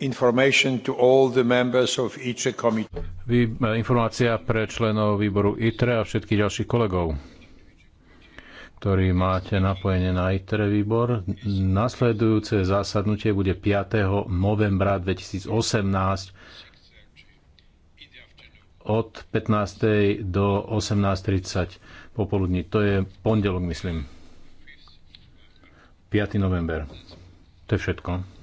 information to all the members of committee. E, informácia pre členov výboru ITRE a všetkých ďalších kolegov, ktorí máte napojenie na ITRE výbor. Nasledujúce zasadnutie bude 5. novembra 2018 od 15. do 18.30 popoludní. To je pondelok, myslím. 5. november. To je všetko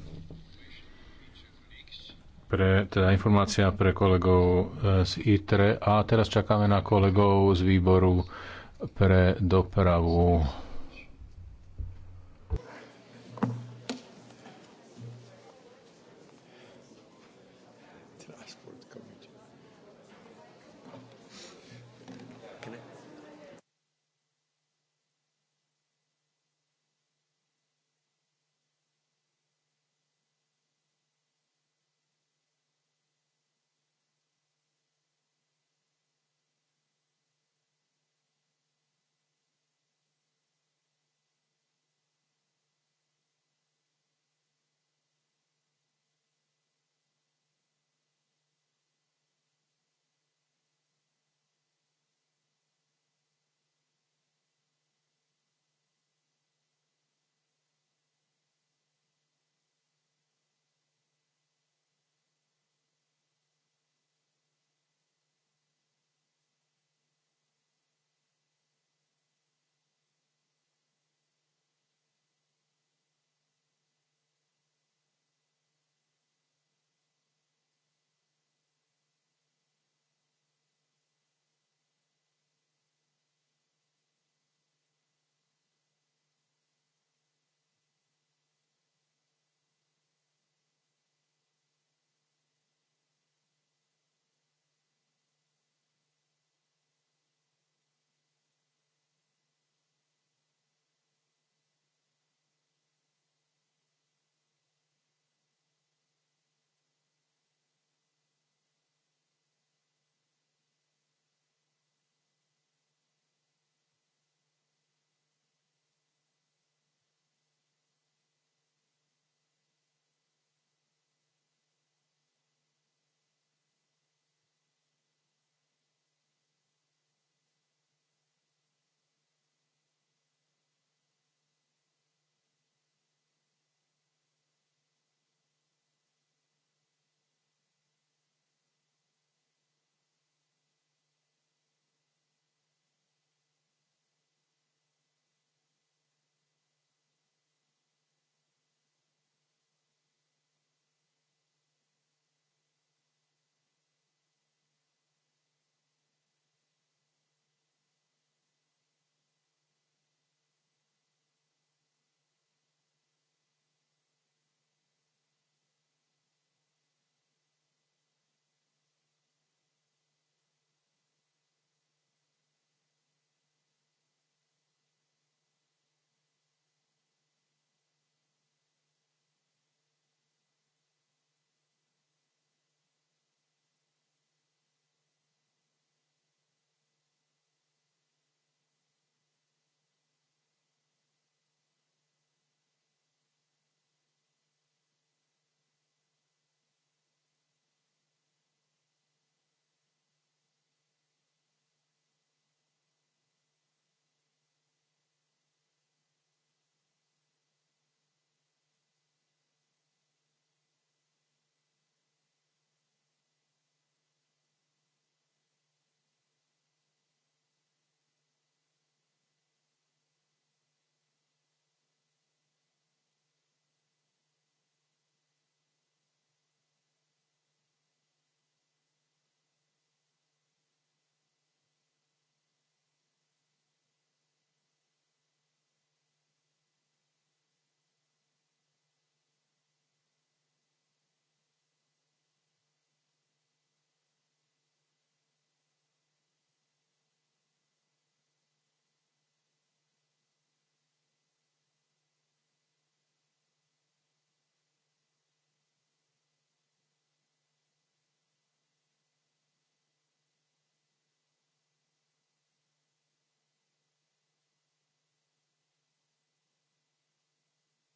pre, teda informácia pre kolegov e, z ITRE a teraz čakáme na kolegov z výboru pre dopravu.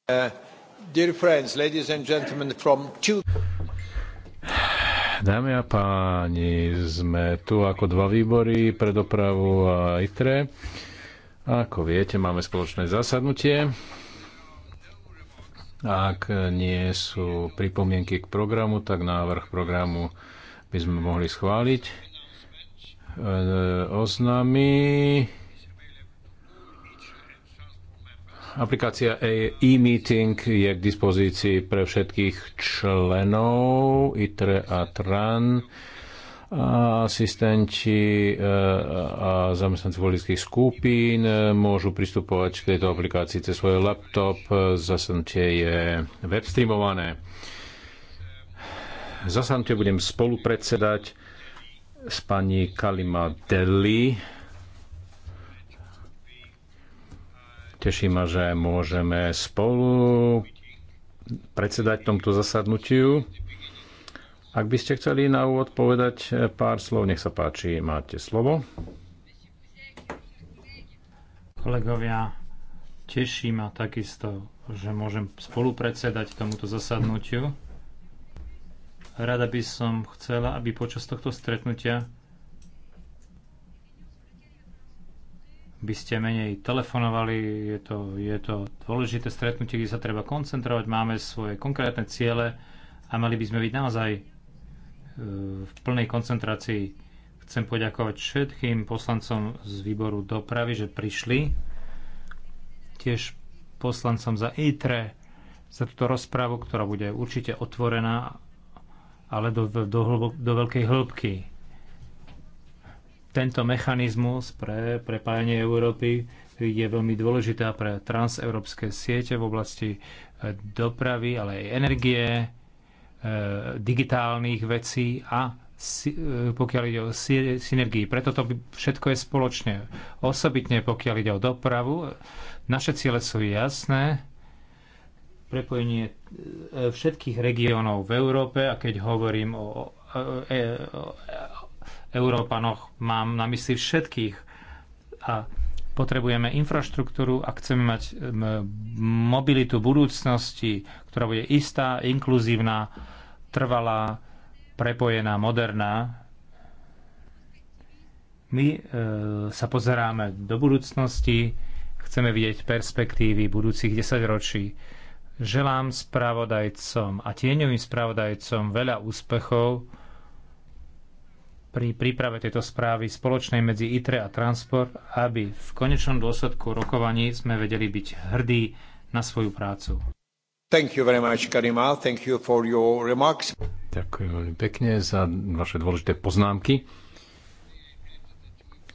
Uh, Dámy a páni, sme tu ako dva výbory pre dopravu a ITRE. ako viete, máme spoločné zasadnutie. Ak nie sú pripomienky k programu, tak návrh programu by sme mohli schváliť. E, oznámy Aplikácia e- e-meeting je k dispozícii pre všetkých členov ITRE a TRAN asistenti e, a zamestnanci politických skupín e, môžu pristupovať k tejto aplikácii cez svoj laptop. Zasadnutie je web streamované. Zasadnutie budem spolupredsedať s pani Kalima Deli Teší ma, že môžeme spolu predsedať tomto zasadnutiu. Ak by ste chceli na úvod povedať pár slov, nech sa páči, máte slovo. Kolegovia, teší ma takisto, že môžem spolu predsedať tomuto zasadnutiu. Rada by som chcela, aby počas tohto stretnutia by ste menej telefonovali, je to, je to dôležité stretnutie, kde sa treba koncentrovať, máme svoje konkrétne ciele a mali by sme byť naozaj e, v plnej koncentrácii. Chcem poďakovať všetkým poslancom z výboru dopravy, že prišli, tiež poslancom za ITRE, za túto rozprávu, ktorá bude určite otvorená, ale do, do, do, do veľkej hĺbky tento mechanizmus pre prepájanie Európy je veľmi dôležitá pre transeurópske siete v oblasti e, dopravy, ale aj energie, e, digitálnych vecí a e, pokiaľ ide o synergii. Preto to všetko je spoločne. Osobitne pokiaľ ide o dopravu, naše ciele sú jasné. Prepojenie všetkých regiónov v Európe a keď hovorím o Európanoch, mám na mysli všetkých. A potrebujeme infraštruktúru a chceme mať mobilitu budúcnosti, ktorá bude istá, inkluzívna, trvalá, prepojená, moderná. My e, sa pozeráme do budúcnosti, chceme vidieť perspektívy budúcich 10 ročí. Želám spravodajcom a tieňovým spravodajcom veľa úspechov pri príprave tejto správy spoločnej medzi ITRE a Transport, aby v konečnom dôsledku rokovaní sme vedeli byť hrdí na svoju prácu. Thank you very much, Karima. Thank you for your remarks. Ďakujem veľmi pekne za vaše dôležité poznámky.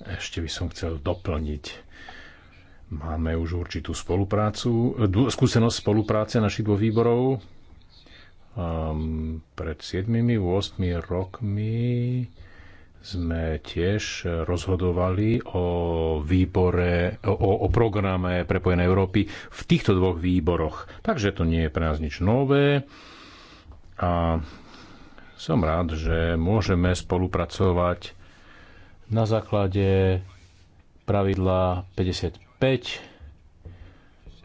Ešte by som chcel doplniť. Máme už určitú spoluprácu, skúsenosť spolupráce našich dvoch výborov. Um, pred 7-8 rokmi sme tiež rozhodovali o výbore, o, o programe Prepojenej Európy v týchto dvoch výboroch. Takže to nie je pre nás nič nové a som rád, že môžeme spolupracovať na základe pravidla 55,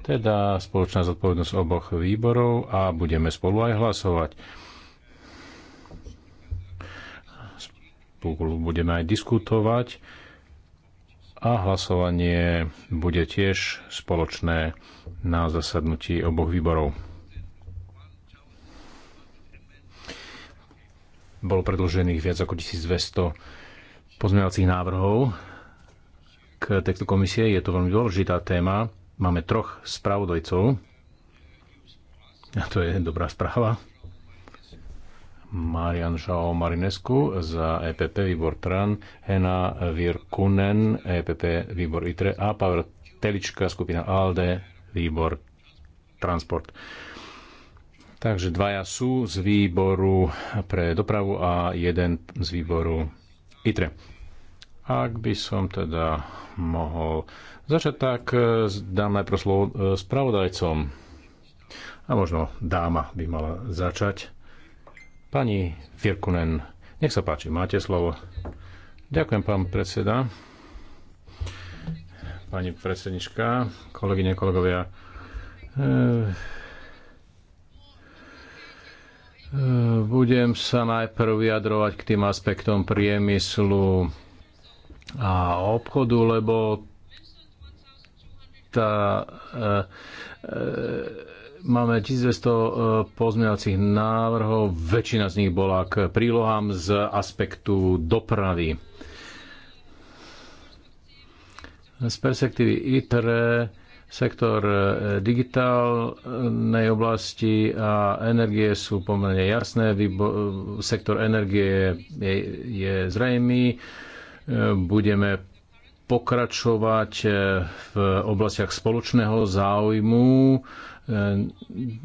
teda spoločná zodpovednosť oboch výborov a budeme spolu aj hlasovať. budeme aj diskutovať a hlasovanie bude tiež spoločné na zasadnutí oboch výborov. Bolo predložených viac ako 1200 pozmeňovacích návrhov k tejto komisie. Je to veľmi dôležitá téma. Máme troch spravodajcov. A to je dobrá správa. Marian Šao Marinescu za EPP výbor TRAN, Hena Virkunen, EPP výbor ITRE a Pavel Telička, skupina ALDE, výbor Transport. Takže dvaja sú z výboru pre dopravu a jeden z výboru ITRE. Ak by som teda mohol začať, tak eh, dám najprv slovo eh, spravodajcom. A možno dáma by mala začať. Pani Virkunen, nech sa páči, máte slovo. Ďakujem, pán predseda. Pani predsednička, kolegyne, kolegovia. E, e, budem sa najprv vyjadrovať k tým aspektom priemyslu a obchodu, lebo tá e, e, Máme 1200 e, pozmeňovacích návrhov, väčšina z nich bola k prílohám z aspektu dopravy. Z perspektívy ITRE sektor e, digitálnej oblasti a energie sú pomerne jasné. sektor energie je, je zrejmý. E, budeme pokračovať v oblastiach spoločného záujmu Ehm,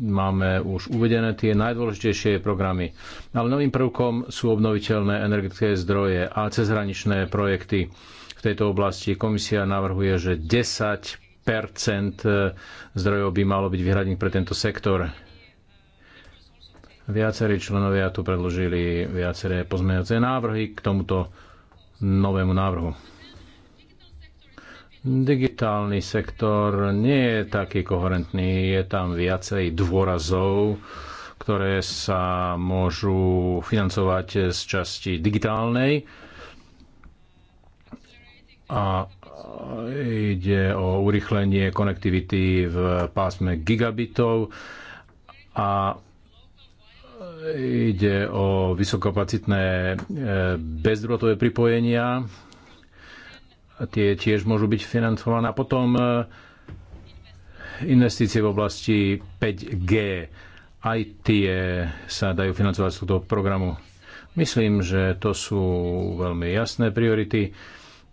máme už uvedené tie najdôležitejšie programy. Ale novým prvkom sú obnoviteľné energetické zdroje a cezhraničné projekty v tejto oblasti. Komisia navrhuje, že 10 e, zdrojov by malo byť vyhradených pre tento sektor. Viacerí členovia tu predložili viaceré pozmeňujúce návrhy k tomuto novému návrhu. Digitálny sektor nie je taký koherentný, je tam viacej dôrazov, ktoré sa môžu financovať z časti digitálnej. A ide o urychlenie konektivity v pásme gigabitov a ide o vysokopacitné e, bezdrôtové pripojenia tie tiež môžu byť financované. A potom e, investície v oblasti 5G, aj tie sa dajú financovať z tohto programu. Myslím, že to sú veľmi jasné priority.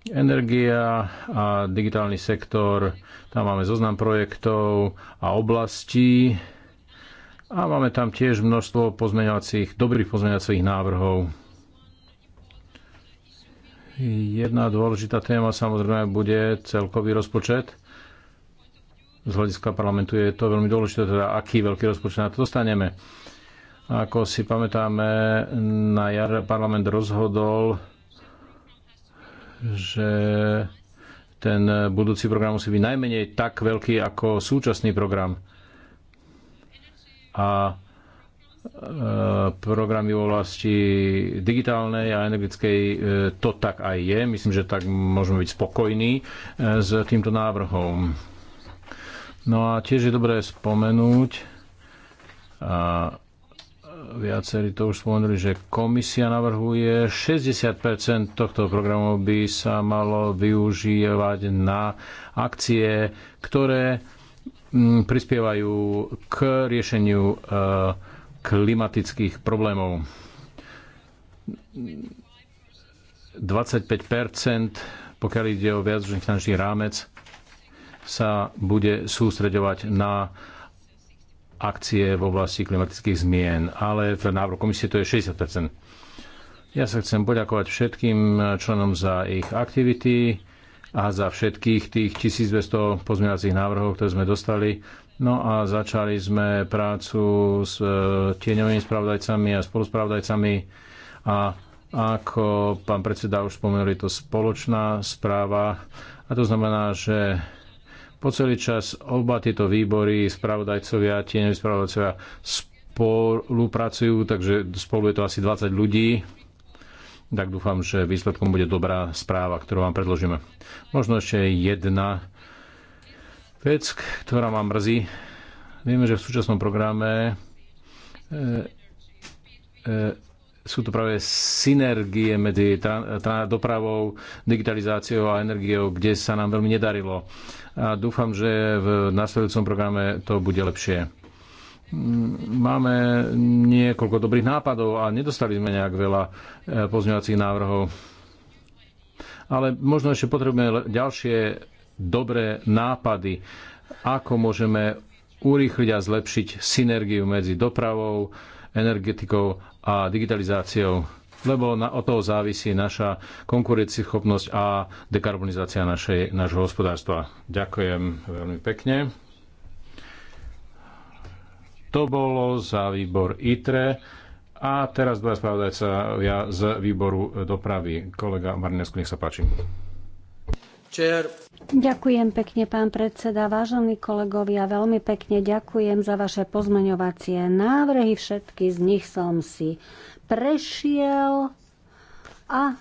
Energia a digitálny sektor, tam máme zoznam projektov a oblastí a máme tam tiež množstvo pozmeňovacích, dobrých pozmeňovacích návrhov Jedna dôležitá téma samozrejme bude celkový rozpočet. Z hľadiska parlamentu je to veľmi dôležité, teda aký veľký rozpočet na to dostaneme. Ako si pamätáme, na jar parlament rozhodol, že ten budúci program musí byť najmenej tak veľký ako súčasný program. A Eh, programy v oblasti digitálnej a energetickej, eh, to tak aj je. Myslím, že tak môžeme byť spokojní eh, s týmto návrhom. No a tiež je dobré spomenúť, a viacerí to už spomenuli, že komisia navrhuje 60% tohto programu by sa malo využívať na akcie, ktoré mm, prispievajú k riešeniu uh, klimatických problémov. 25 pokiaľ ide o viacročný finančný rámec, sa bude sústreďovať na akcie v oblasti klimatických zmien, ale v návrhu komisie to je 60 Ja sa chcem poďakovať všetkým členom za ich aktivity a za všetkých tých 1200 pozmeňovacích návrhov, ktoré sme dostali. No a začali sme prácu s e, tieňovými spravodajcami a spoluspravodajcami a ako pán predseda už spomenul, je to spoločná správa a to znamená, že po celý čas oba tieto výbory, spravodajcovia, tieňoví spravodajcovia spolupracujú, takže spolu je to asi 20 ľudí tak dúfam, že výsledkom bude dobrá správa, ktorú vám predložíme. Možno ešte jedna Vec, ktorá ma mrzí, vieme, že v súčasnom programe e, e, sú to práve synergie medzi tra, tra, dopravou, digitalizáciou a energiou, kde sa nám veľmi nedarilo. A dúfam, že v nasledujúcom programe to bude lepšie. Mm, máme niekoľko dobrých nápadov a nedostali sme nejak veľa e, pozňovacích návrhov. Ale možno ešte potrebujeme ďalšie dobré nápady, ako môžeme urýchliť a zlepšiť synergiu medzi dopravou, energetikou a digitalizáciou, lebo na, od toho závisí naša konkurencieschopnosť a dekarbonizácia našej, našho hospodárstva. Ďakujem veľmi pekne. To bolo za výbor ITRE. A teraz dva spravodajca ja z výboru dopravy. Kolega Marinesku, nech sa páči. Ďakujem pekne, pán predseda. Vážení kolegovia, veľmi pekne ďakujem za vaše pozmeňovacie návrhy. Všetky z nich som si prešiel a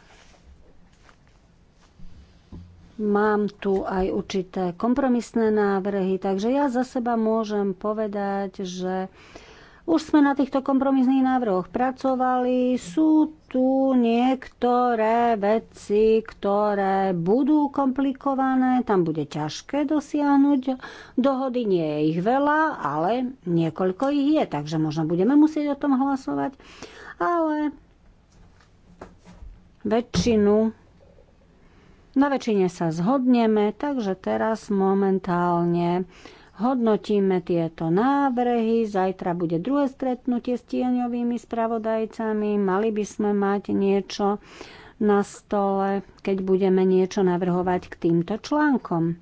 mám tu aj určité kompromisné návrhy, takže ja za seba môžem povedať, že už sme na týchto kompromisných návrhoch pracovali. Sú tu niektoré veci, ktoré budú komplikované, tam bude ťažké dosiahnuť. Dohody nie je ich veľa, ale niekoľko ich je, takže možno budeme musieť o tom hlasovať. Ale väčšinu na väčšine sa zhodneme, takže teraz momentálne Hodnotíme tieto návrhy, zajtra bude druhé stretnutie s tieňovými spravodajcami, mali by sme mať niečo na stole, keď budeme niečo navrhovať k týmto článkom.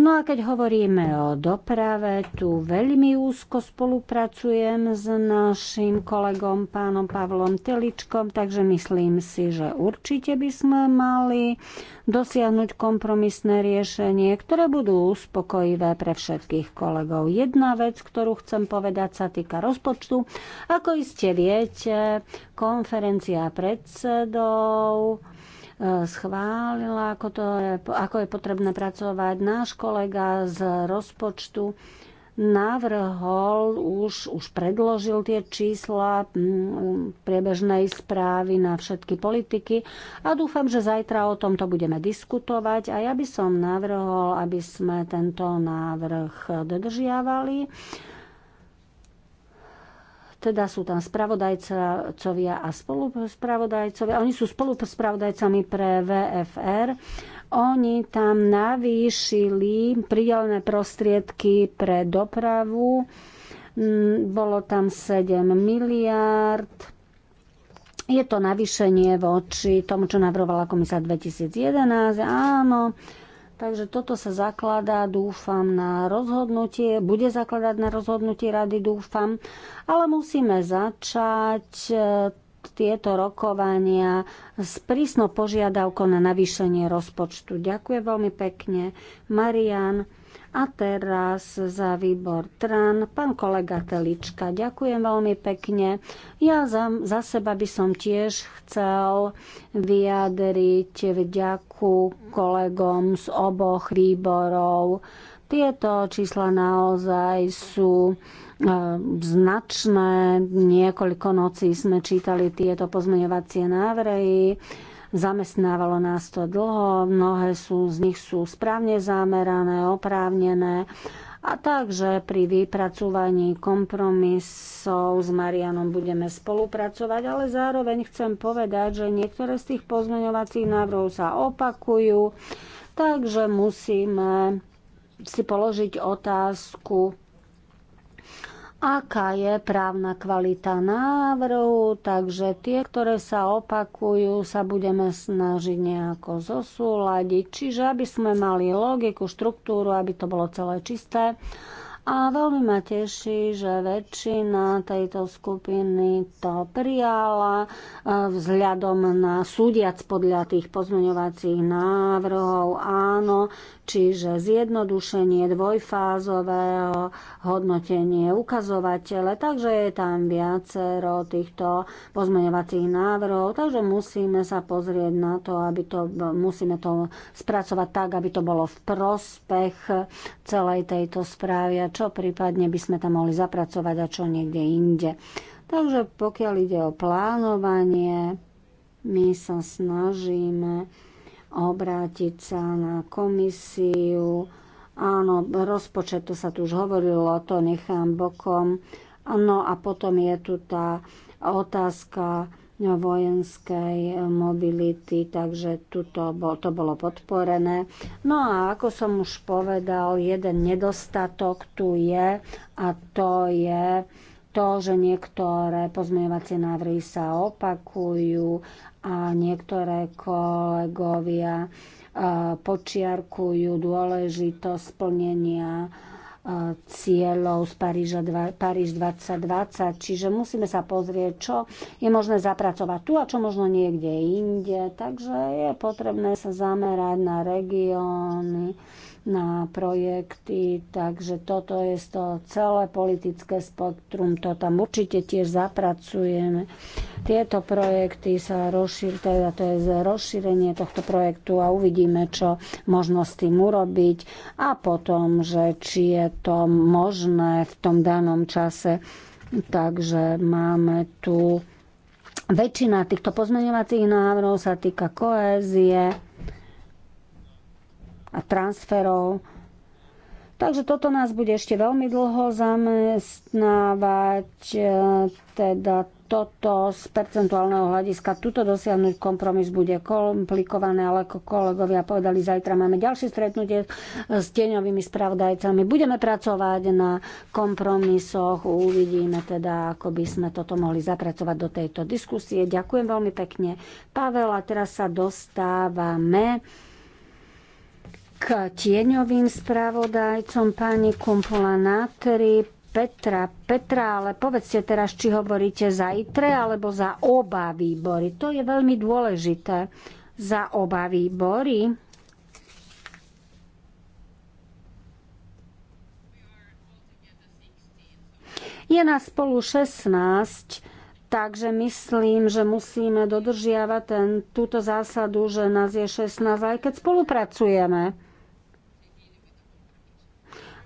No a keď hovoríme o doprave, tu veľmi úzko spolupracujem s našim kolegom pánom Pavlom Teličkom, takže myslím si, že určite by sme mali dosiahnuť kompromisné riešenie, ktoré budú uspokojivé pre všetkých kolegov. Jedna vec, ktorú chcem povedať, sa týka rozpočtu. Ako iste viete, konferencia predsedov schválila, ako, to je, ako je potrebné pracovať. Náš kolega z rozpočtu navrhol, už, už predložil tie čísla mm, priebežnej správy na všetky politiky a dúfam, že zajtra o tomto budeme diskutovať a ja by som navrhol, aby sme tento návrh dodržiavali. Teda sú tam spravodajcovia a spoluspravodajcovia. Oni sú spoluspravodajcami pre VFR. Oni tam navýšili prídelné prostriedky pre dopravu. Mm, bolo tam 7 miliárd je to navýšenie voči tomu, čo navrhovala komisia 2011. Áno, Takže toto sa zakladá, dúfam, na rozhodnutie, bude zakladať na rozhodnutie rady, dúfam, ale musíme začať e, tieto rokovania s prísnou požiadavkou na navýšenie rozpočtu. Ďakujem veľmi pekne. Marian, a teraz za výbor TRAN, pán kolega Telička, ďakujem veľmi pekne. Ja za, za seba by som tiež chcel vyjadriť vďaku kolegom z oboch výborov. Tieto čísla naozaj sú e, značné. Niekoľko nocí sme čítali tieto pozmeňovacie návrhy zamestnávalo nás to dlho, mnohé sú, z nich sú správne zamerané, oprávnené. A takže pri vypracovaní kompromisov s Marianom budeme spolupracovať, ale zároveň chcem povedať, že niektoré z tých pozmeňovacích návrhov sa opakujú, takže musíme si položiť otázku, aká je právna kvalita návrhu, takže tie, ktoré sa opakujú, sa budeme snažiť nejako zosúľadiť, čiže aby sme mali logiku, štruktúru, aby to bolo celé čisté. A veľmi ma teší, že väčšina tejto skupiny to prijala e, vzhľadom na súdiac podľa tých pozmeňovacích návrhov. Áno, čiže zjednodušenie dvojfázového hodnotenie ukazovatele, takže je tam viacero týchto pozmeňovacích návrhov, takže musíme sa pozrieť na to, aby to, musíme to spracovať tak, aby to bolo v prospech celej tejto správy a čo prípadne by sme tam mohli zapracovať a čo niekde inde. Takže pokiaľ ide o plánovanie, my sa snažíme obrátiť sa na komisiu. Áno, rozpočet, to sa tu už hovorilo, to nechám bokom. No a potom je tu tá otázka vojenskej mobility, takže tuto bol, to bolo podporené. No a ako som už povedal, jeden nedostatok tu je a to je to, že niektoré pozmeňovacie návrhy sa opakujú a niektoré kolegovia e, počiarkujú dôležitosť splnenia e, cieľov z Paríža, Paríž 2020. Čiže musíme sa pozrieť, čo je možné zapracovať tu a čo možno niekde inde. Takže je potrebné sa zamerať na regióny, na projekty, takže toto je to celé politické spektrum, to tam určite tiež zapracujeme. Tieto projekty sa rozšíri, teda to je rozšírenie tohto projektu a uvidíme, čo možno s tým urobiť a potom, že či je to možné v tom danom čase. Takže máme tu väčšina týchto pozmeňovacích návrhov sa týka koézie a transferov. Takže toto nás bude ešte veľmi dlho zamestnávať, eh, teda toto z percentuálneho hľadiska, tuto dosiahnuť kompromis bude komplikované, ale ako kolegovia povedali, zajtra máme ďalšie stretnutie s tieňovými spravodajcami. Budeme pracovať na kompromisoch, uvidíme teda, ako by sme toto mohli zapracovať do tejto diskusie. Ďakujem veľmi pekne, Pavel, a teraz sa dostávame k tieňovým spravodajcom pani Kumpula Natri, Petra. Petra, ale povedzte teraz, či hovoríte za ITRE alebo za oba výbory. To je veľmi dôležité. Za oba výbory. Je nás spolu 16, takže myslím, že musíme dodržiavať ten, túto zásadu, že nás je 16, aj keď spolupracujeme.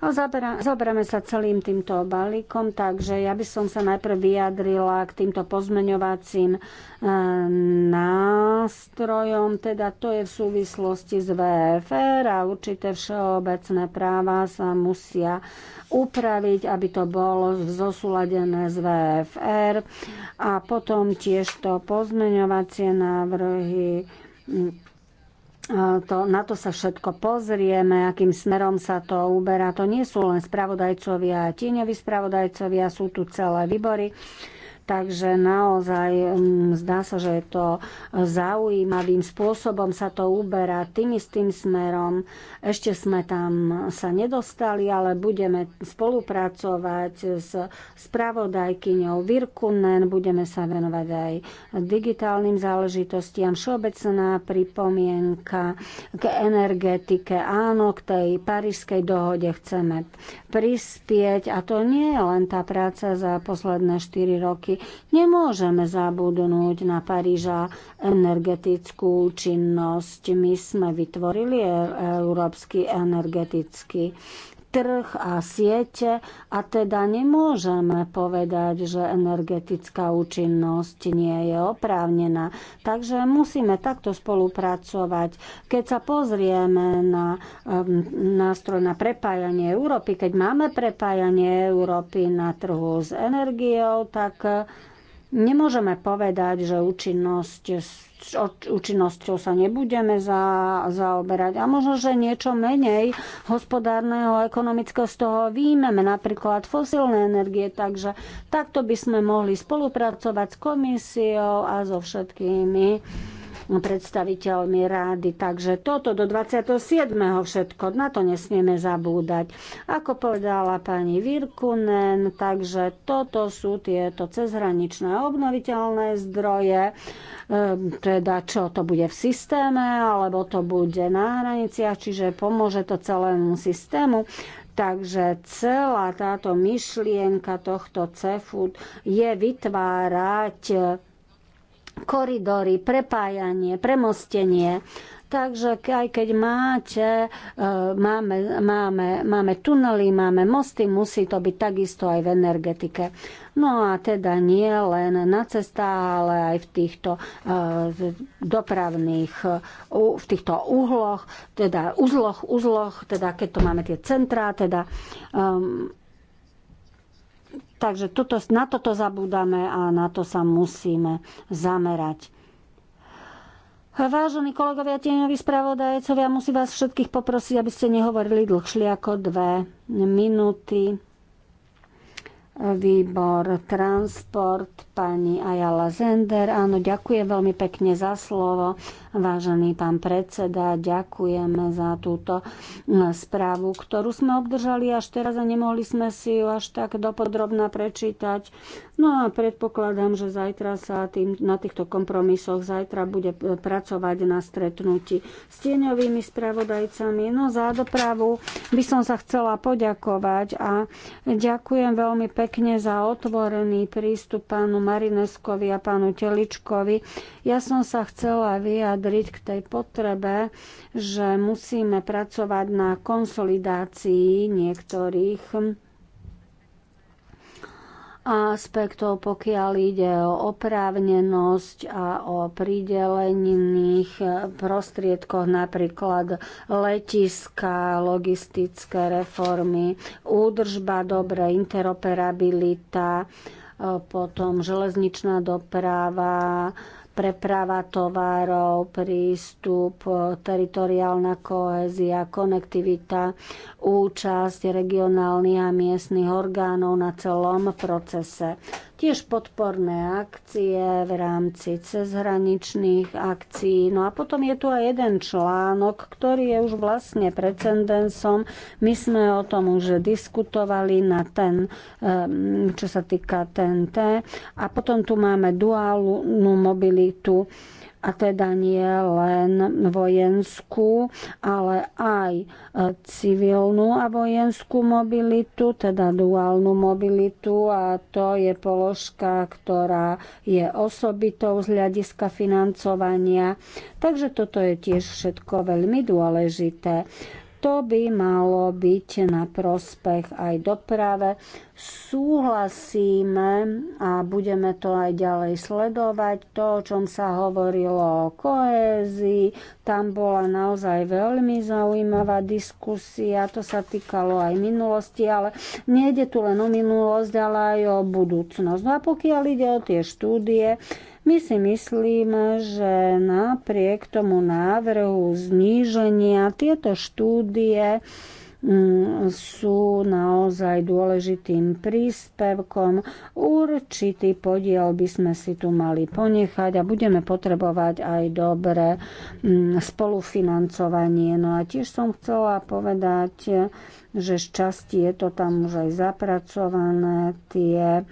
No, Zoberáme sa celým týmto balíkom, takže ja by som sa najprv vyjadrila k týmto pozmeňovacím e, nástrojom, teda to je v súvislosti s VFR a určité všeobecné práva sa musia upraviť, aby to bolo zosúladené z VFR a potom tiež to pozmeňovacie návrhy E, to, na to sa všetko pozrieme, akým smerom sa to uberá. To nie sú len spravodajcovia a tieňoví spravodajcovia, sú tu celé výbory. Takže naozaj mm, zdá sa, že je to zaujímavým spôsobom sa to uberá tým istým smerom. Ešte sme tam sa nedostali, ale budeme spolupracovať s spravodajkyňou Virkunen, budeme sa venovať aj digitálnym záležitostiam. Všeobecná pripomienka k energetike. Áno, k tej parížskej dohode chceme prispieť a to nie je len tá práca za posledné 4 roky, politiky. Nemôžeme zabudnúť na Paríža energetickú činnosť. My sme vytvorili e- Európsky energetický trh a siete a teda nemôžeme povedať, že energetická účinnosť nie je oprávnená. Takže musíme takto spolupracovať. Keď sa pozrieme na um, nástroj na prepájanie Európy, keď máme prepájanie Európy na trhu s energiou, tak Nemôžeme povedať, že účinnosť, účinnosťou sa nebudeme za, zaoberať a možno, že niečo menej hospodárneho, ekonomického z toho výjmeme, napríklad fosílne energie, takže takto by sme mohli spolupracovať s komisiou a so všetkými predstaviteľmi rády. Takže toto do 27. všetko, na to nesmieme zabúdať. Ako povedala pani Virkunen, takže toto sú tieto cezhraničné obnoviteľné zdroje, ehm, teda čo to bude v systéme, alebo to bude na hraniciach, čiže pomôže to celému systému. Takže celá táto myšlienka tohto CEFUD je vytvárať koridory, prepájanie, premostenie. Takže aj keď máte, e, máme, máme, máme tunely, máme mosty, musí to byť takisto aj v energetike. No a teda nie len na cestách, ale aj v týchto e, dopravných, e, v týchto uhloch, teda uzloch, uzloch, teda keď to máme tie centrá, teda Takže tuto, na toto zabúdame a na to sa musíme zamerať. Vážení kolegovia tieňoví spravodajcovia, musím vás všetkých poprosiť, aby ste nehovorili dlhšie ako dve minúty. Výbor transport, pani Ajala Zender. Áno, ďakujem veľmi pekne za slovo. Vážený pán predseda, ďakujeme za túto e, správu, ktorú sme obdržali až teraz a nemohli sme si ju až tak dopodrobne prečítať. No a predpokladám, že zajtra sa tým, na týchto kompromisoch zajtra bude e, pracovať na stretnutí s tieňovými spravodajcami. No za dopravu by som sa chcela poďakovať a ďakujem veľmi pekne za otvorený prístup pánu Marineskovi a pánu Teličkovi. Ja som sa chcela vyjadriť vyjadriť k tej potrebe, že musíme pracovať na konsolidácii niektorých aspektov, pokiaľ ide o oprávnenosť a o pridelených prostriedkoch, napríklad letiska, logistické reformy, údržba, dobre, interoperabilita, potom železničná doprava, preprava tovarov, prístup, teritoriálna kohézia, konektivita, účasť regionálnych a miestnych orgánov na celom procese. Tiež podporné akcie v rámci cezhraničných akcií. No a potom je tu aj jeden článok, ktorý je už vlastne precedensom. My sme o tom už diskutovali na ten, ehm, čo sa týka TNT. A potom tu máme duálnu mobilitu realitu a teda nie len vojenskú, ale aj e, civilnú a vojenskú mobilitu, teda duálnu mobilitu a to je položka, ktorá je osobitou z hľadiska financovania. Takže toto je tiež všetko veľmi dôležité. To by malo byť na prospech aj doprave. Súhlasíme a budeme to aj ďalej sledovať. To, o čom sa hovorilo o koézii, tam bola naozaj veľmi zaujímavá diskusia. To sa týkalo aj minulosti, ale nejde tu len o minulosť, ale aj o budúcnosť. No a pokiaľ ide o tie štúdie, my si myslíme, že napriek tomu návrhu zníženia tieto štúdie mm, sú naozaj dôležitým príspevkom. Určitý podiel by sme si tu mali ponechať a budeme potrebovať aj dobré mm, spolufinancovanie. No a tiež som chcela povedať, že šťastie je to tam už aj zapracované, tie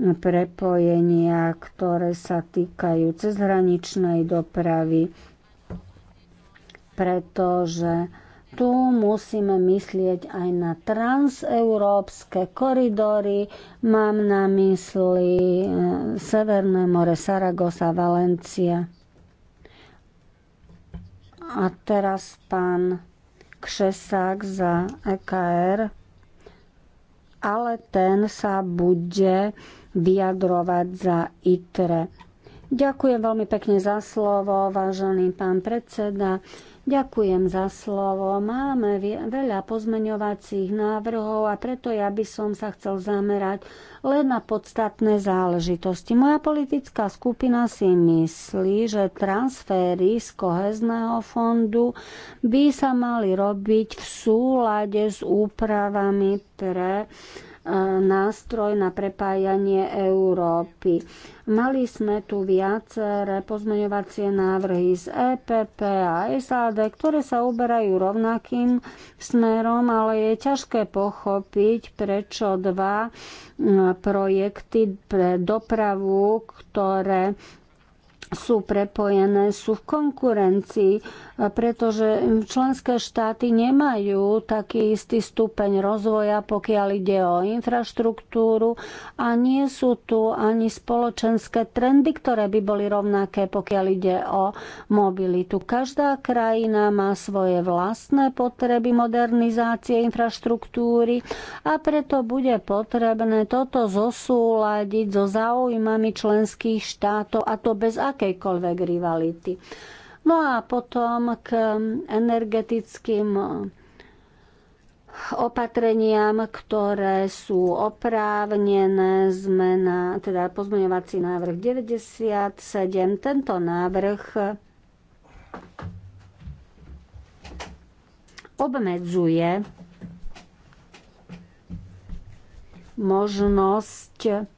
prepojenia, ktoré sa týkajú cezhraničnej dopravy, pretože tu musíme myslieť aj na transeurópske koridory. Mám na mysli eh, Severné more, Saragosa, Valencia. A teraz pán Kšesák za EKR ale ten sa bude vyjadrovať za ITRE. Ďakujem veľmi pekne za slovo, vážený pán predseda. Ďakujem za slovo. Máme veľa pozmeňovacích návrhov a preto ja by som sa chcel zamerať len na podstatné záležitosti. Moja politická skupina si myslí, že transfery z kohezného fondu by sa mali robiť v súlade s úpravami pre nástroj na prepájanie Európy. Mali sme tu viaceré pozmeňovacie návrhy z EPP a SAD, ktoré sa uberajú rovnakým smerom, ale je ťažké pochopiť, prečo dva projekty pre dopravu, ktoré sú prepojené, sú v konkurencii pretože členské štáty nemajú taký istý stupeň rozvoja, pokiaľ ide o infraštruktúru a nie sú tu ani spoločenské trendy, ktoré by boli rovnaké, pokiaľ ide o mobilitu. Každá krajina má svoje vlastné potreby modernizácie infraštruktúry a preto bude potrebné toto zosúľadiť so záujmami členských štátov a to bez akejkoľvek rivality. No a potom k energetickým opatreniam, ktoré sú oprávnené zmena, teda pozmeňovací návrh 97. Tento návrh obmedzuje možnosť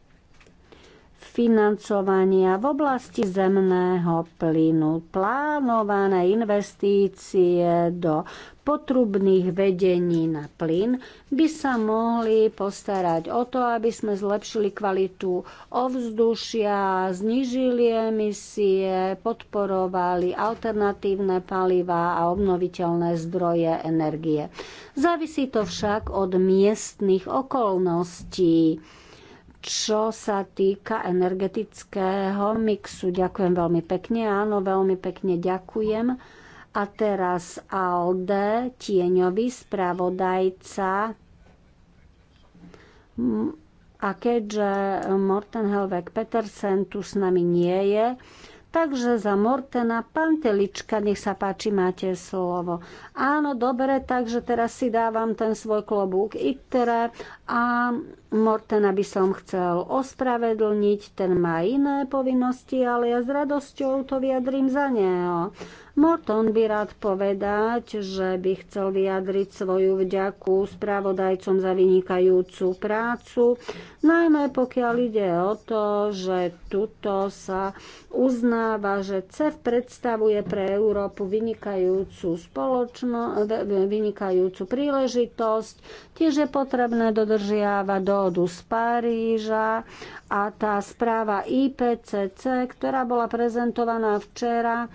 financovania v oblasti zemného plynu, plánované investície do potrubných vedení na plyn by sa mohli postarať o to, aby sme zlepšili kvalitu ovzdušia, znižili emisie, podporovali alternatívne paliva a obnoviteľné zdroje energie. Závisí to však od miestnych okolností čo sa týka energetického mixu. Ďakujem veľmi pekne, áno, veľmi pekne ďakujem. A teraz Alde, tieňový spravodajca. A keďže Morten Helvek Petersen tu s nami nie je, Takže za Mortena Pantelička, nech sa páči, máte slovo. Áno, dobre, takže teraz si dávam ten svoj klobúk Iktera a Mortena by som chcel ospravedlniť, ten má iné povinnosti, ale ja s radosťou to vyjadrím za neho. Morton by rád povedať, že by chcel vyjadriť svoju vďaku spravodajcom za vynikajúcu prácu, najmä pokiaľ ide o to, že tuto sa uznáva, že CEF predstavuje pre Európu vynikajúcu, spoločno, vynikajúcu príležitosť. Tiež je potrebné dodržiavať dohodu z Paríža a tá správa IPCC, ktorá bola prezentovaná včera,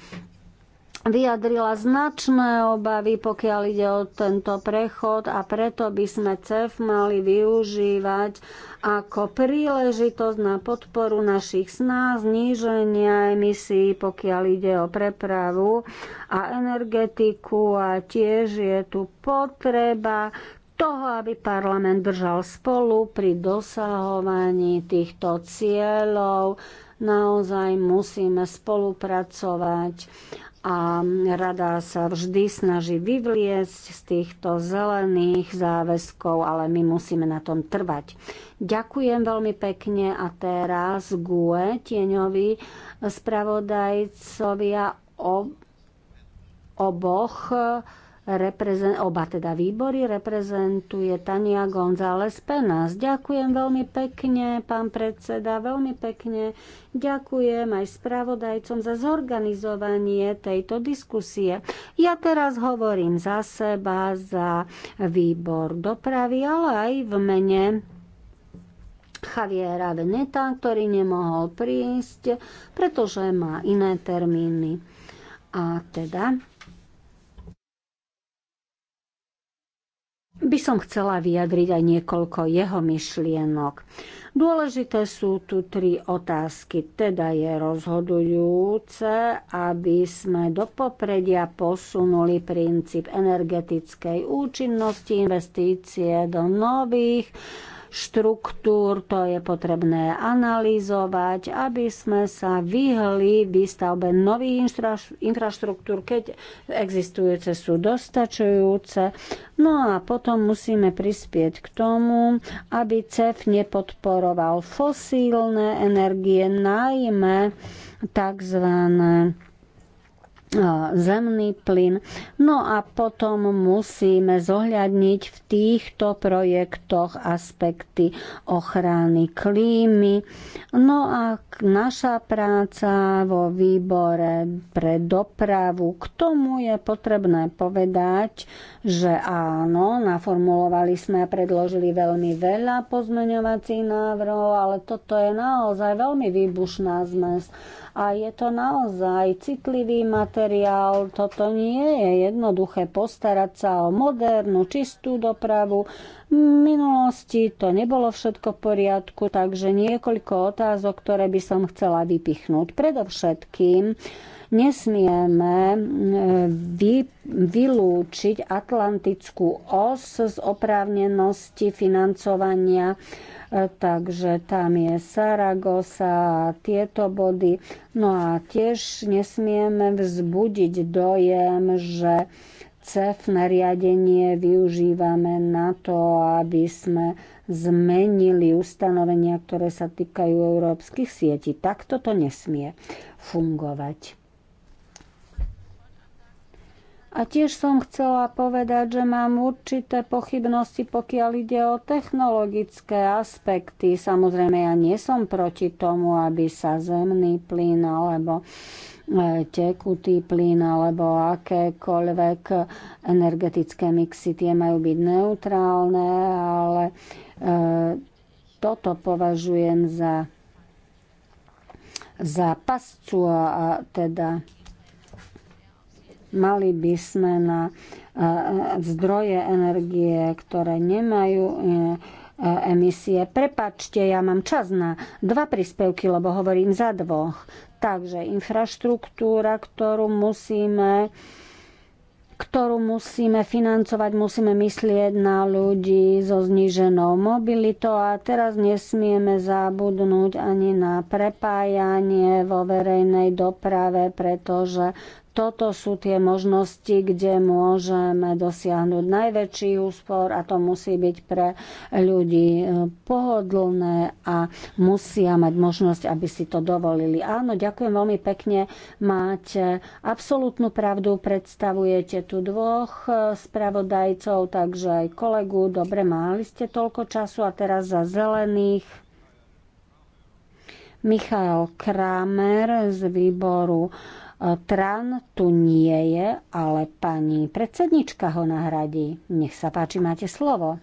vyjadrila značné obavy, pokiaľ ide o tento prechod a preto by sme CEF mali využívať ako príležitosť na podporu našich sná zníženia emisí, pokiaľ ide o prepravu a energetiku a tiež je tu potreba toho, aby parlament držal spolu pri dosahovaní týchto cieľov naozaj musíme spolupracovať a rada sa vždy snaží vyvliesť z týchto zelených záväzkov, ale my musíme na tom trvať. Ďakujem veľmi pekne a teraz GUE, tieňovi spravodajcovia oboch reprezen- oba teda výbory reprezentuje Tania González Penas. Ďakujem veľmi pekne, pán predseda, veľmi pekne. Ďakujem aj spravodajcom za zorganizovanie tejto diskusie. Ja teraz hovorím za seba, za výbor dopravy, ale aj v mene Javiera Veneta, ktorý nemohol prísť, pretože má iné termíny. A teda by som chcela vyjadriť aj niekoľko jeho myšlienok. Dôležité sú tu tri otázky, teda je rozhodujúce, aby sme do popredia posunuli princíp energetickej účinnosti, investície do nových štruktúr, to je potrebné analyzovať, aby sme sa vyhli výstavbe nových infraštruktúr, keď existujúce sú dostačujúce. No a potom musíme prispieť k tomu, aby CEF nepodporoval fosílne energie, najmä tzv zemný plyn. No a potom musíme zohľadniť v týchto projektoch aspekty ochrany klímy. No a naša práca vo výbore pre dopravu, k tomu je potrebné povedať, že áno, naformulovali sme a predložili veľmi veľa pozmeňovacích návrhov, ale toto je naozaj veľmi výbušná zmes a je to naozaj citlivý materiál. Toto nie je jednoduché postarať sa o modernú, čistú dopravu. V minulosti to nebolo všetko v poriadku, takže niekoľko otázok, ktoré by som chcela vypichnúť. Predovšetkým, Nesmieme vy, vylúčiť Atlantickú os z oprávnenosti financovania e, takže tam je Saragosa a tieto body. No a tiež nesmieme vzbudiť dojem, že CEF nariadenie využívame na to, aby sme zmenili ustanovenia, ktoré sa týkajú európskych sietí. Takto to nesmie fungovať. A tiež som chcela povedať, že mám určité pochybnosti, pokiaľ ide o technologické aspekty. Samozrejme, ja nie som proti tomu, aby sa zemný plyn alebo e, tekutý plyn alebo akékoľvek energetické mixy, tie majú byť neutrálne, ale e, toto považujem za, za pascu a teda Mali by sme na zdroje energie, ktoré nemajú e, e, emisie. Prepačte, ja mám čas na dva príspevky, lebo hovorím za dvoch. Takže infraštruktúra, ktorú musíme ktorú musíme financovať, musíme myslieť na ľudí so zníženou mobilitou a teraz nesmieme zabudnúť ani na prepájanie vo verejnej doprave, pretože toto sú tie možnosti, kde môžeme dosiahnuť najväčší úspor a to musí byť pre ľudí eh, pohodlné a musia mať možnosť, aby si to dovolili. Áno, ďakujem veľmi pekne. Máte absolútnu pravdu, predstavujete tu dvoch eh, spravodajcov, takže aj kolegu. Dobre, mali ste toľko času a teraz za zelených. Michal Kramer z výboru Tran tu nie je, ale pani predsednička ho nahradí. Nech sa páči, máte slovo.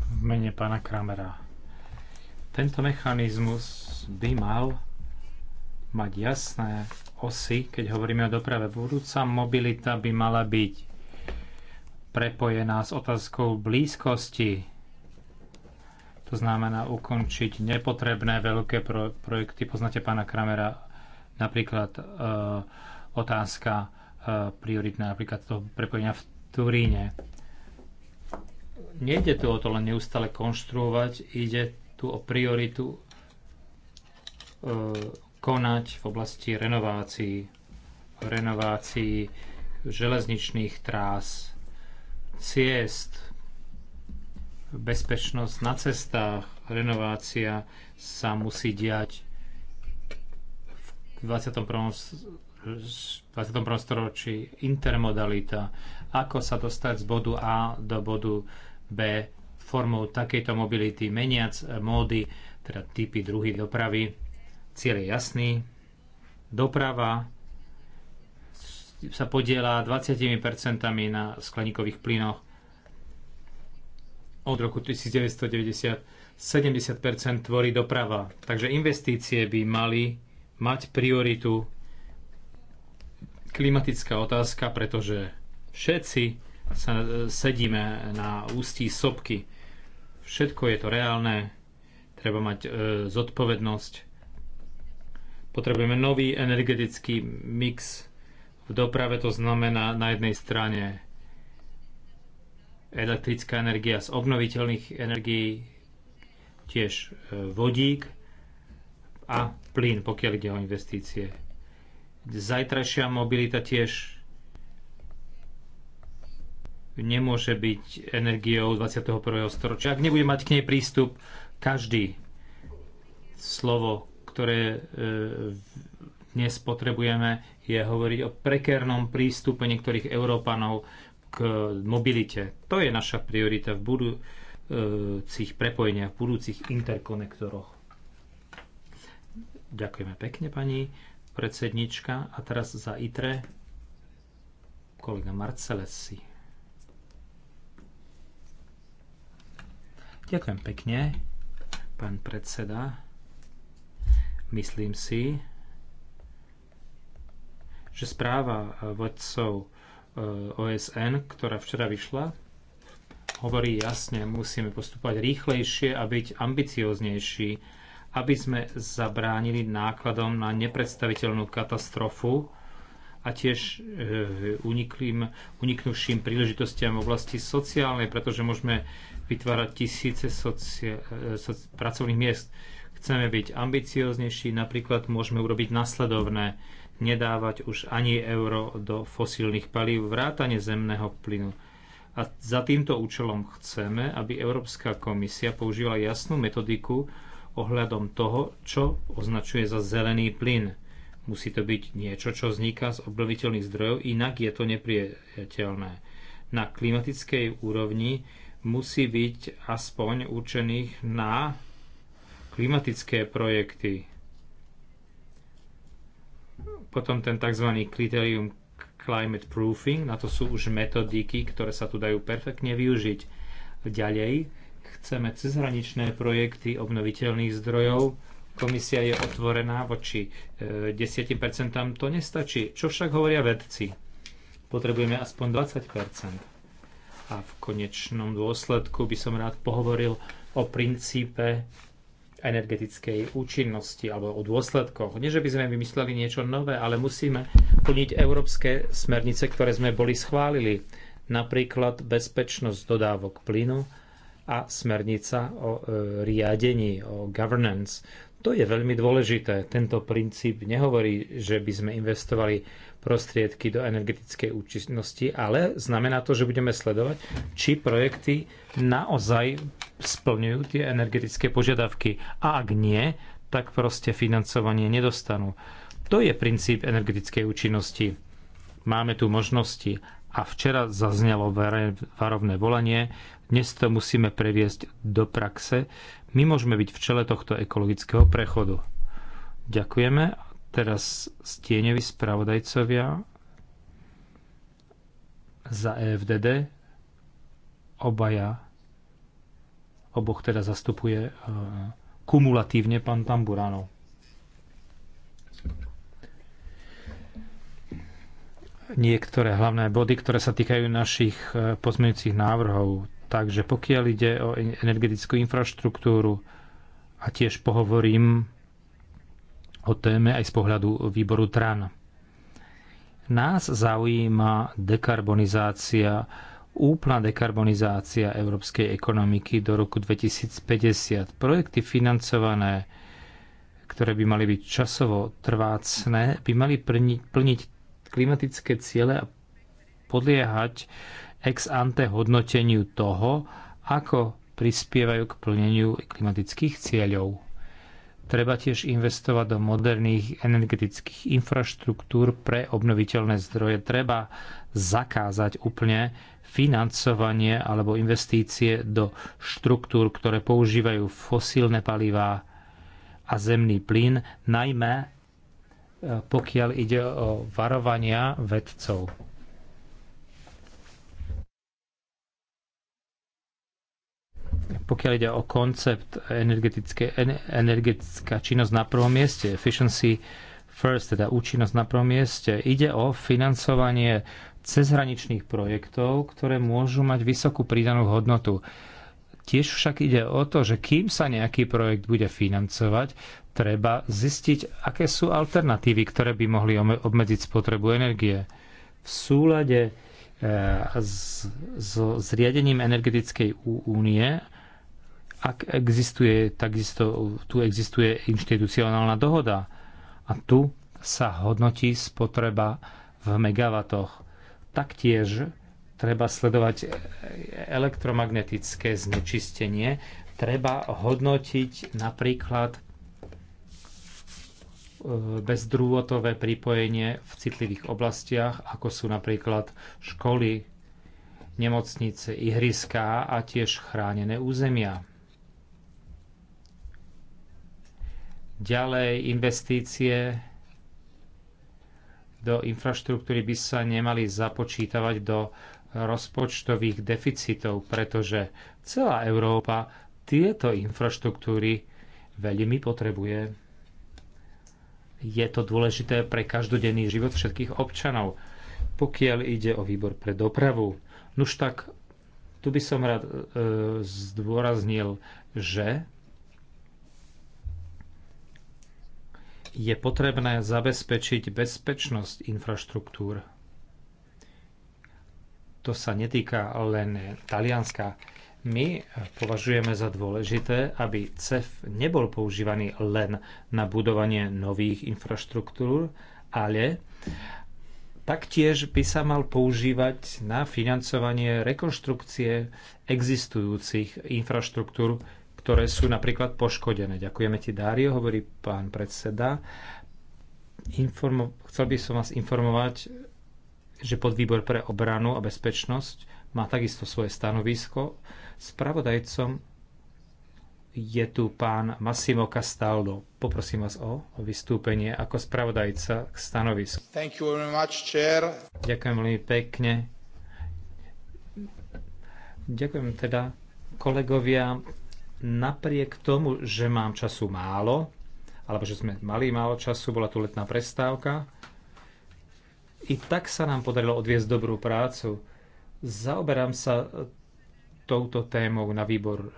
V mene pána Kramera. Tento mechanizmus by mal mať jasné osy, keď hovoríme o doprave. Budúca mobilita by mala byť prepojená s otázkou blízkosti. To znamená ukončiť nepotrebné veľké pro- projekty. Poznáte pána Kramera Napríklad e, otázka e, prioritná napríklad toho prepojenia v Turíne. Nejde tu o to len neustále konštruovať, ide tu o prioritu e, konať v oblasti renovácií, renovácií železničných trás, ciest, bezpečnosť na cestách, renovácia sa musí diať v 21. 21. storočí intermodalita, ako sa dostať z bodu A do bodu B formou takejto mobility, meniac e, módy, teda typy druhy dopravy. Cieľ je jasný. Doprava sa podiela 20% na skleníkových plynoch od roku 1990 70% tvorí doprava. Takže investície by mali mať prioritu klimatická otázka, pretože všetci sa, e, sedíme na ústí sopky. Všetko je to reálne, treba mať e, zodpovednosť. Potrebujeme nový energetický mix. V doprave to znamená na jednej strane elektrická energia z obnoviteľných energií, tiež e, vodík, a plyn, pokiaľ ide o investície. Zajtrajšia mobilita tiež nemôže byť energiou 21. storočia. Ak nebude mať k nej prístup každý slovo, ktoré e, dnes potrebujeme, je hovoriť o prekérnom prístupe niektorých Európanov k mobilite. To je naša priorita v budúcich prepojeniach, v budúcich interkonektoroch. Ďakujeme pekne, pani predsednička. A teraz za ITRE kolega Marcelesi. Ďakujem pekne, pán predseda. Myslím si, že správa eh, vodcov eh, OSN, ktorá včera vyšla, hovorí jasne, musíme postupovať rýchlejšie a byť ambicioznejší aby sme zabránili nákladom na nepredstaviteľnú katastrofu a tiež e, uniklým, uniknúším príležitostiam v oblasti sociálnej, pretože môžeme vytvárať tisíce socia- e, so- pracovných miest. Chceme byť ambicioznejší, napríklad môžeme urobiť nasledovné, nedávať už ani euro do fosílnych palív, vrátane zemného plynu. A za týmto účelom chceme, aby Európska komisia používala jasnú metodiku, ohľadom toho, čo označuje za zelený plyn. Musí to byť niečo, čo vzniká z obnoviteľných zdrojov, inak je to nepriateľné. Na klimatickej úrovni musí byť aspoň určených na klimatické projekty. Potom ten tzv. kritérium climate proofing, na to sú už metodiky, ktoré sa tu dajú perfektne využiť. Ďalej, Chceme cezhraničné projekty obnoviteľných zdrojov. Komisia je otvorená voči 10%. E, to nestačí. Čo však hovoria vedci? Potrebujeme aspoň 20%. A v konečnom dôsledku by som rád pohovoril o princípe energetickej účinnosti alebo o dôsledkoch. Nie, že by sme vymysleli niečo nové, ale musíme plniť európske smernice, ktoré sme boli schválili. Napríklad bezpečnosť dodávok plynu a smernica o e, riadení, o governance. To je veľmi dôležité. Tento princíp nehovorí, že by sme investovali prostriedky do energetickej účinnosti, ale znamená to, že budeme sledovať, či projekty naozaj splňujú tie energetické požiadavky. A ak nie, tak proste financovanie nedostanú. To je princíp energetickej účinnosti. Máme tu možnosti. A včera zaznelo varovné volanie, dnes to musíme previesť do praxe. My môžeme byť v čele tohto ekologického prechodu. Ďakujeme. Teraz stieňoví spravodajcovia za EFDD. Obaja, oboch teda zastupuje e, kumulatívne pán Tamburánov. niektoré hlavné body, ktoré sa týkajú našich e, pozmeňujúcich návrhov. Takže pokiaľ ide o energetickú infraštruktúru a tiež pohovorím o téme aj z pohľadu výboru TRAN. Nás zaujíma dekarbonizácia, úplná dekarbonizácia európskej ekonomiky do roku 2050. Projekty financované, ktoré by mali byť časovo trvácne, by mali plniť klimatické ciele a podliehať ex ante hodnoteniu toho, ako prispievajú k plneniu klimatických cieľov. Treba tiež investovať do moderných energetických infraštruktúr pre obnoviteľné zdroje. Treba zakázať úplne financovanie alebo investície do štruktúr, ktoré používajú fosílne palivá a zemný plyn, najmä e, pokiaľ ide o varovania vedcov Pokiaľ ide o koncept energetická činnosť na prvom mieste, efficiency first, teda účinnosť na prvom mieste, ide o financovanie cezhraničných projektov, ktoré môžu mať vysokú pridanú hodnotu. Tiež však ide o to, že kým sa nejaký projekt bude financovať, treba zistiť, aké sú alternatívy, ktoré by mohli obmedziť spotrebu energie. V súlade eh, s, s zriadením energetickej únie ak existuje, takisto tu existuje inštitucionálna dohoda a tu sa hodnotí spotreba v megawatoch. Taktiež treba sledovať elektromagnetické znečistenie, treba hodnotiť napríklad e, bezdrôtové pripojenie v citlivých oblastiach, ako sú napríklad školy, nemocnice, ihriská a tiež chránené územia. Ďalej investície do infraštruktúry by sa nemali započítavať do rozpočtových deficitov, pretože celá Európa tieto infraštruktúry veľmi potrebuje. Je to dôležité pre každodenný život všetkých občanov. Pokiaľ ide o výbor pre dopravu, nuž tak tu by som rád e, zdôraznil, že je potrebné zabezpečiť bezpečnosť infraštruktúr. To sa netýka len Talianska. My považujeme za dôležité, aby CEF nebol používaný len na budovanie nových infraštruktúr, ale taktiež by sa mal používať na financovanie rekonštrukcie existujúcich infraštruktúr ktoré sú napríklad poškodené. Ďakujeme ti, Dário, hovorí pán predseda. Informo- chcel by som vás informovať, že podvýbor pre obranu a bezpečnosť má takisto svoje stanovisko. Spravodajcom je tu pán Massimo Castaldo. Poprosím vás o vystúpenie ako spravodajca k stanovisku. Much, Ďakujem veľmi pekne. Ďakujem teda kolegovia. Napriek tomu, že mám času málo, alebo že sme mali málo času, bola tu letná prestávka, i tak sa nám podarilo odviesť dobrú prácu. Zaoberám sa touto témou na výbor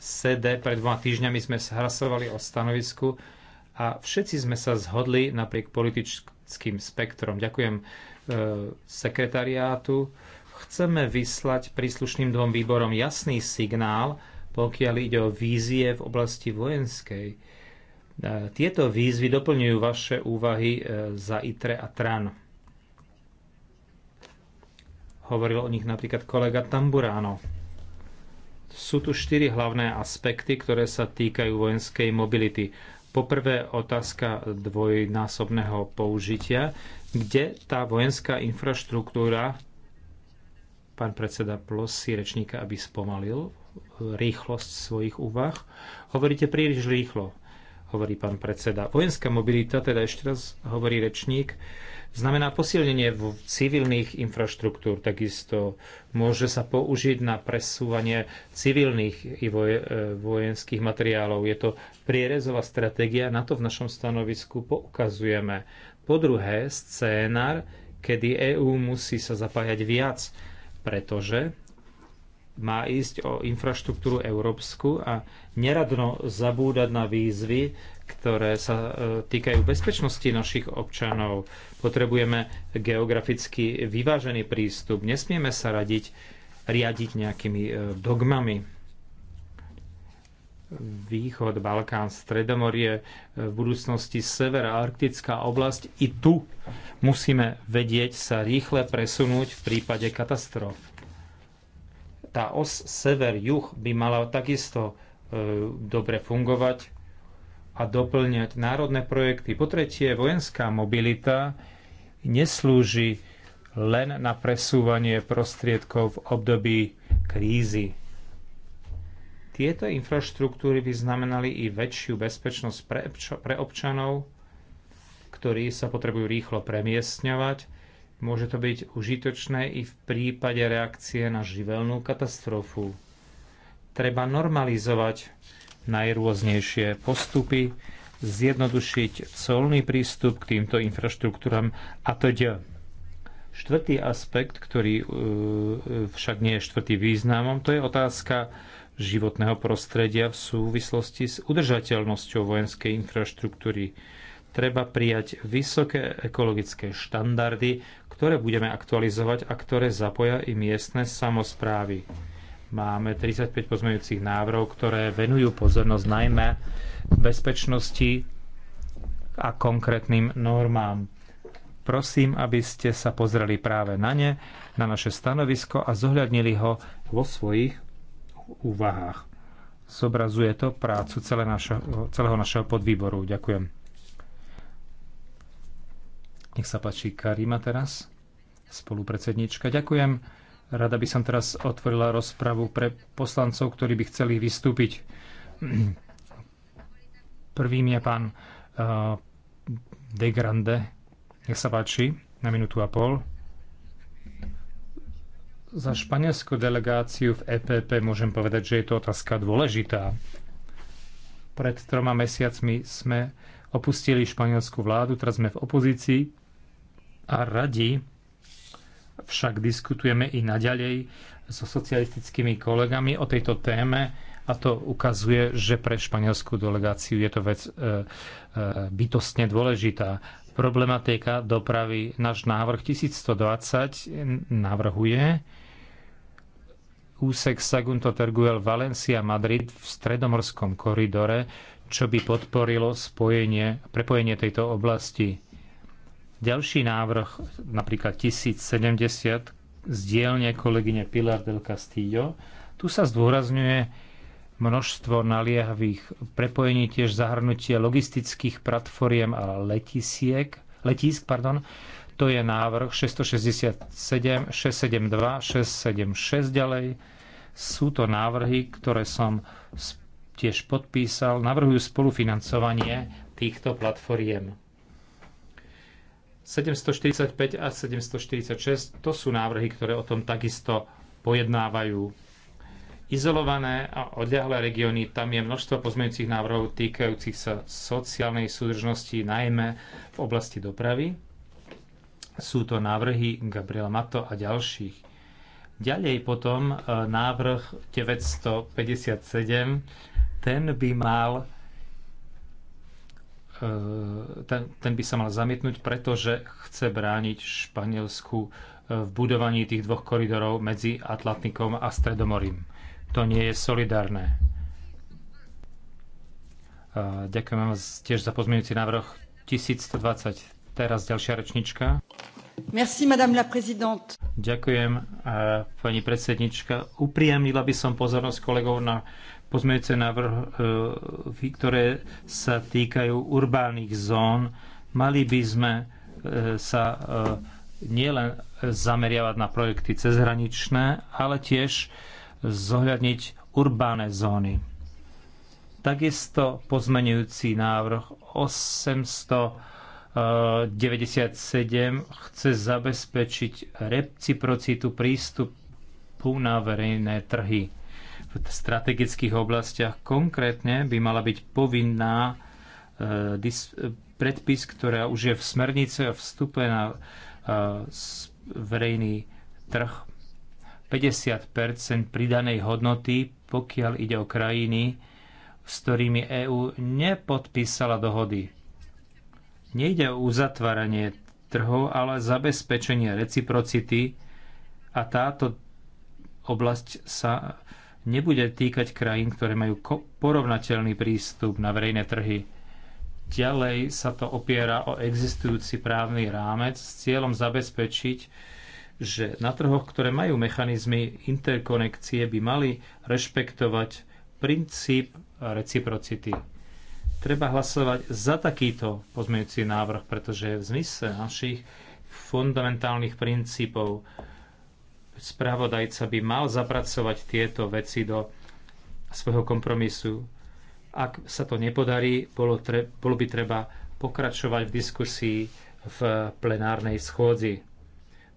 SED. Pred dvoma týždňami sme hlasovali o stanovisku a všetci sme sa zhodli napriek politickým spektrom. Ďakujem e, sekretariátu. Chceme vyslať príslušným dvom výborom jasný signál, pokiaľ ide o vízie v oblasti vojenskej. E, tieto výzvy doplňujú vaše úvahy e, za ITRE a TRAN. Hovoril o nich napríklad kolega Tamburáno. Sú tu štyri hlavné aspekty, ktoré sa týkajú vojenskej mobility. Poprvé otázka dvojnásobného použitia, kde tá vojenská infraštruktúra, pán predseda Plosy rečníka, aby spomalil, rýchlosť svojich úvah. Hovoríte príliš rýchlo, hovorí pán predseda. Vojenská mobilita, teda ešte raz hovorí rečník, znamená posilnenie v civilných infraštruktúr. Takisto môže sa použiť na presúvanie civilných i e, vojenských materiálov. Je to prierezová stratégia, na to v našom stanovisku poukazujeme. Po druhé, scénar, kedy EÚ musí sa zapájať viac, pretože má ísť o infraštruktúru európsku a neradno zabúdať na výzvy, ktoré sa e, týkajú bezpečnosti našich občanov. Potrebujeme geograficky vyvážený prístup. Nesmieme sa radiť, riadiť nejakými e, dogmami. Východ, Balkán, Stredomorie, e, v budúcnosti Sever a Arktická oblasť. I tu musíme vedieť sa rýchle presunúť v prípade katastrof tá os sever-juh by mala takisto e, dobre fungovať a doplňať národné projekty. Po tretie, vojenská mobilita neslúži len na presúvanie prostriedkov v období krízy. Tieto infraštruktúry by znamenali i väčšiu bezpečnosť pre, pre občanov, ktorí sa potrebujú rýchlo premiestňovať Môže to byť užitočné i v prípade reakcie na živelnú katastrofu. Treba normalizovať najrôznejšie postupy, zjednodušiť colný prístup k týmto infraštruktúram a to ďa. Štvrtý aspekt, ktorý e, však nie je štvrtý významom, to je otázka životného prostredia v súvislosti s udržateľnosťou vojenskej infraštruktúry treba prijať vysoké ekologické štandardy, ktoré budeme aktualizovať a ktoré zapoja i miestne samozprávy. Máme 35 pozmeňujúcich návrhov, ktoré venujú pozornosť najmä bezpečnosti a konkrétnym normám. Prosím, aby ste sa pozreli práve na ne, na naše stanovisko a zohľadnili ho vo svojich úvahách. Zobrazuje to prácu celé našo, celého našeho podvýboru. Ďakujem. Nech sa páči Karima teraz, spolupredsednička. Ďakujem. Rada by som teraz otvorila rozpravu pre poslancov, ktorí by chceli vystúpiť. Prvým je pán eh, De Grande. Nech sa páči, na minútu a pol. Za španielskú delegáciu v EPP môžem povedať, že je to otázka dôležitá. Pred troma mesiacmi sme opustili španielskú vládu, teraz sme v opozícii a radi však diskutujeme i naďalej so socialistickými kolegami o tejto téme a to ukazuje, že pre španielskú delegáciu je to vec e, e, bytostne dôležitá. Problematika dopravy náš návrh 1120 navrhuje úsek Sagunto Terguel Valencia Madrid v stredomorskom koridore, čo by podporilo spojenie, prepojenie tejto oblasti ďalší návrh, napríklad 1070 z dielne kolegyne Pilar del Castillo, tu sa zdôrazňuje množstvo naliehavých prepojení, tiež zahrnutie logistických platformiem a letisiek, letísk, pardon, to je návrh 667, 672, 676 ďalej. Sú to návrhy, ktoré som tiež podpísal. Navrhujú spolufinancovanie týchto platformiem. 745 a 746 to sú návrhy, ktoré o tom takisto pojednávajú. Izolované a odľahlé regióny, tam je množstvo pozmeňujúcich návrhov týkajúcich sa sociálnej súdržnosti, najmä v oblasti dopravy. Sú to návrhy Gabriela Mato a ďalších. Ďalej potom e, návrh 957, ten by mal ten, ten by sa mal zamietnúť, pretože chce brániť Španielsku v budovaní tých dvoch koridorov medzi Atlantikom a Stredomorím. To nie je solidárne. Ďakujem vám tiež za pozmeňujúci návrh 1120. Teraz ďalšia rečnička. Merci, madame la présidente. Ďakujem, pani predsednička. Upriamila by som pozornosť kolegov na pozmeňujúce návrhy, e, ktoré sa týkajú urbálnych zón. Mali by sme e, sa e, nielen zameriavať na projekty cezhraničné, ale tiež zohľadniť urbáne zóny. Takisto pozmenujúci návrh 897 chce zabezpečiť reciprocitu prístupu na verejné trhy strategických oblastiach. Konkrétne by mala byť povinná e, predpis, ktorá už je v smernice a vstupe na e, verejný trh 50 pridanej hodnoty, pokiaľ ide o krajiny, s ktorými EÚ nepodpísala dohody. Nejde o uzatváranie trhov, ale zabezpečenie reciprocity a táto oblasť sa nebude týkať krajín, ktoré majú porovnateľný prístup na verejné trhy. Ďalej sa to opiera o existujúci právny rámec s cieľom zabezpečiť, že na trhoch, ktoré majú mechanizmy interkonekcie, by mali rešpektovať princíp reciprocity. Treba hlasovať za takýto pozmeňujúci návrh, pretože je v zmysle našich fundamentálnych princípov Spravodajca by mal zapracovať tieto veci do svojho kompromisu. Ak sa to nepodarí, bolo, tre, bolo by treba pokračovať v diskusii v plenárnej schôdzi,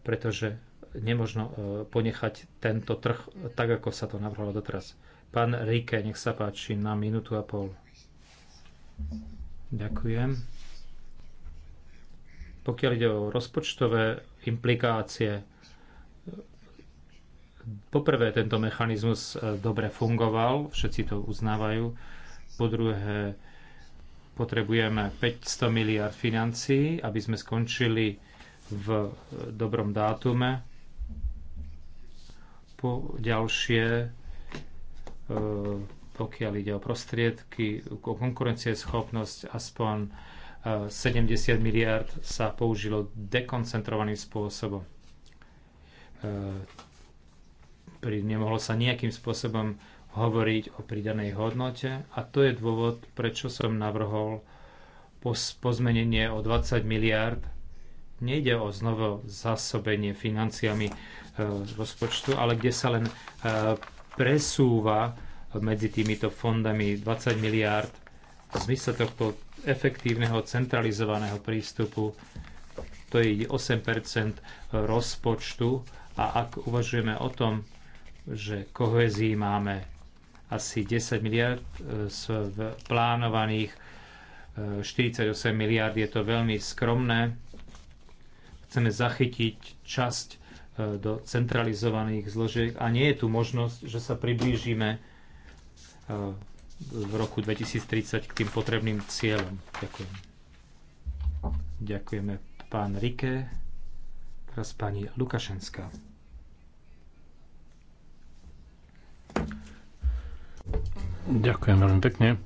pretože nemožno e, ponechať tento trh tak, ako sa to navrhlo doteraz. Pán Rike, nech sa páči, na minútu a pol. Ďakujem. Pokiaľ ide o rozpočtové implikácie, Poprvé, tento mechanizmus e, dobre fungoval, všetci to uznávajú. Po druhé, potrebujeme 500 miliard financií, aby sme skončili v e, dobrom dátume. Po ďalšie, e, pokiaľ ide o prostriedky, o schopnosť aspoň 70 miliard sa použilo dekoncentrovaným spôsobom pri, nemohlo sa nejakým spôsobom hovoriť o pridanej hodnote a to je dôvod, prečo som navrhol pozmenenie o 20 miliárd. Nejde o znovu zásobenie financiami e, rozpočtu, ale kde sa len e, presúva medzi týmito fondami 20 miliárd v zmysle tohto efektívneho centralizovaného prístupu to je 8 rozpočtu a ak uvažujeme o tom, že kohezii máme asi 10 miliard z e, plánovaných 48 e, miliard. Je to veľmi skromné. Chceme zachytiť časť e, do centralizovaných zložiek a nie je tu možnosť, že sa priblížime v roku 2030 k tým potrebným cieľom. Ďakujem. Ďakujeme pán Rike, teraz pani Lukašenská. Ďakujem veľmi pekne.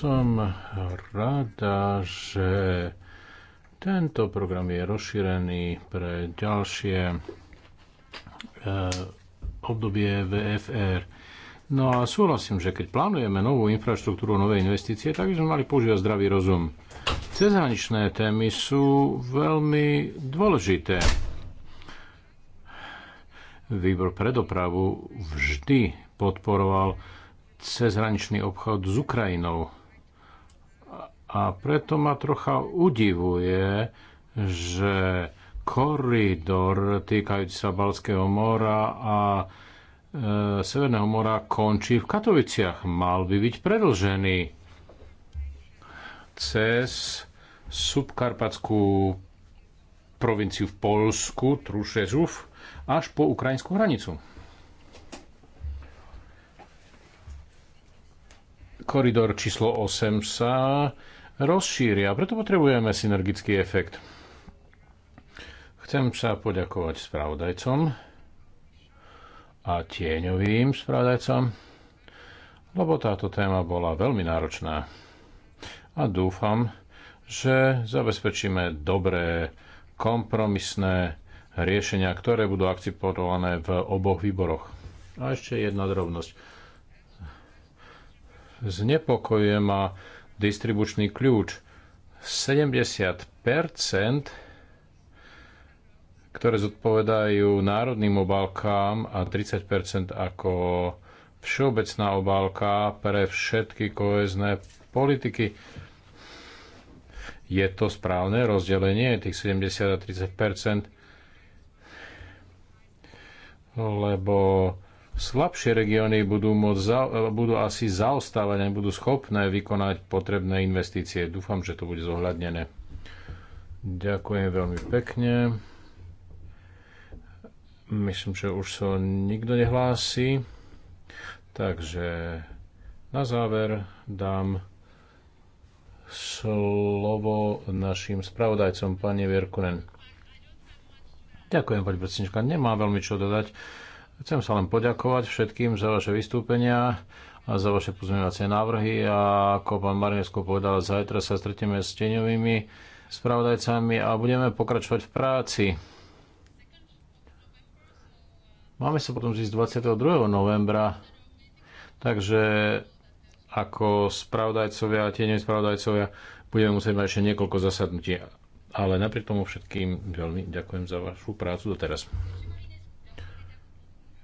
Som rada, že tento program je rozšírený pre ďalšie e, obdobie VFR. No a súhlasím, že keď plánujeme novú infraštruktúru, nové investície, tak by sme mali používať zdravý rozum. Cezhraničné témy sú veľmi dôležité. Výbor pre dopravu vždy podporoval cezhraničný obchod s Ukrajinou. A preto ma trocha udivuje, že koridor týkajúci sa Balského mora a e, Severného mora končí v Katoviciach. Mal by byť predlžený cez subkarpatskú provinciu v Polsku, Trušezuf, až po ukrajinskú hranicu. koridor číslo 8 sa rozšíria, preto potrebujeme synergický efekt. Chcem sa poďakovať spravodajcom a tieňovým spravodajcom, lebo táto téma bola veľmi náročná. A dúfam, že zabezpečíme dobré, kompromisné riešenia, ktoré budú akceptované v oboch výboroch. A ešte jedna drobnosť znepokojuje ma distribučný kľúč. 70 ktoré zodpovedajú národným obálkám a 30 ako všeobecná obálka pre všetky kohezné politiky. Je to správne rozdelenie tých 70 a 30 lebo slabšie regióny budú, môcť za, budú asi zaostávať a budú schopné vykonať potrebné investície. Dúfam, že to bude zohľadnené. Ďakujem veľmi pekne. Myslím, že už sa so nikto nehlási. Takže na záver dám slovo našim spravodajcom, pani Vierkunen. Ďakujem, pani predsednička. Nemám veľmi čo dodať. Chcem sa len poďakovať všetkým za vaše vystúpenia a za vaše pozmeňovacie návrhy a ako pán Marinesko povedal, zajtra sa stretneme s teňovými spravodajcami a budeme pokračovať v práci. Máme sa potom zísť 22. novembra, takže ako spravodajcovia a tieňoví spravodajcovia budeme musieť mať ešte niekoľko zasadnutí. Ale napriek tomu všetkým veľmi ďakujem za vašu prácu doteraz.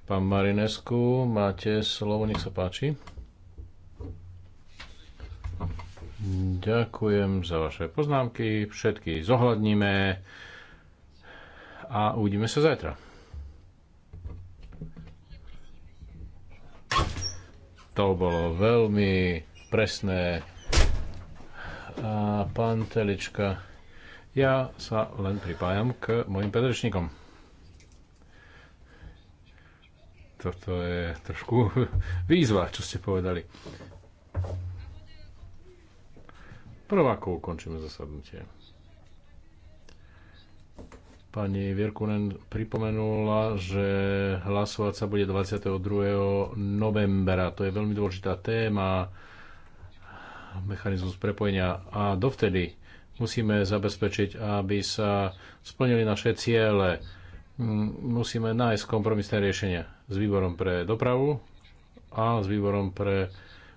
Pán Marinesku, máte slovo, nech sa páči. Ďakujem za vaše poznámky, všetky zohľadníme a uvidíme sa zajtra. To bolo veľmi presné. A pán Telička, ja sa len pripájam k mojim predrečníkom. Toto je trošku výzva, čo ste povedali. Prvákov ukončíme zasadnutie. Pani Virkunen pripomenula, že hlasovať sa bude 22. novembra. To je veľmi dôležitá téma, mechanizmus prepojenia. A dovtedy musíme zabezpečiť, aby sa splnili naše ciele. Musíme nájsť kompromisné riešenia s výborom pre dopravu a s výborom pre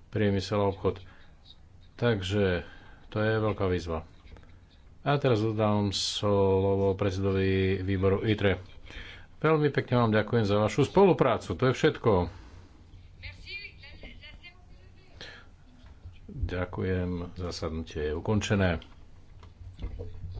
priemysel a obchod. Takže to je veľká výzva. A teraz dodám slovo predsedovi výboru ITRE. Veľmi pekne vám ďakujem za vašu spoluprácu. To je všetko. Ďakujem. Zasadnutie je ukončené.